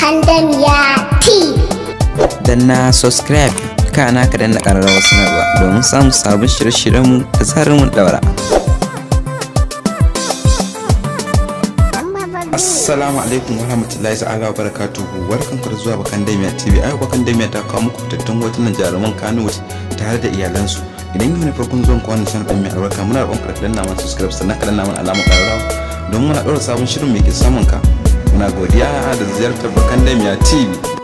Kandamiya TV. Danna subscribe kana ka danna ƙararrawar sanarwa domin samun sabon shirye-shiryenmu da tsarin mun daura. Assalamu alaikum wa rahmatullahi ta'ala wa barakatuhu. Barkan ku da zuwa Bakan Damiya TV. Ai Bakan Damiya ta kawo muku fitattun hotunan jaruman Kano tare da iyalansu. Idan yau ne farkon zuwan kwanan sanar da mai albarka muna roƙon ka danna mana subscribe sannan ka danna mana alamar ƙararrawa don muna ɗora sabon shirin mai ke samun ka. na godiya da ziyartar bakan bakandamiya tv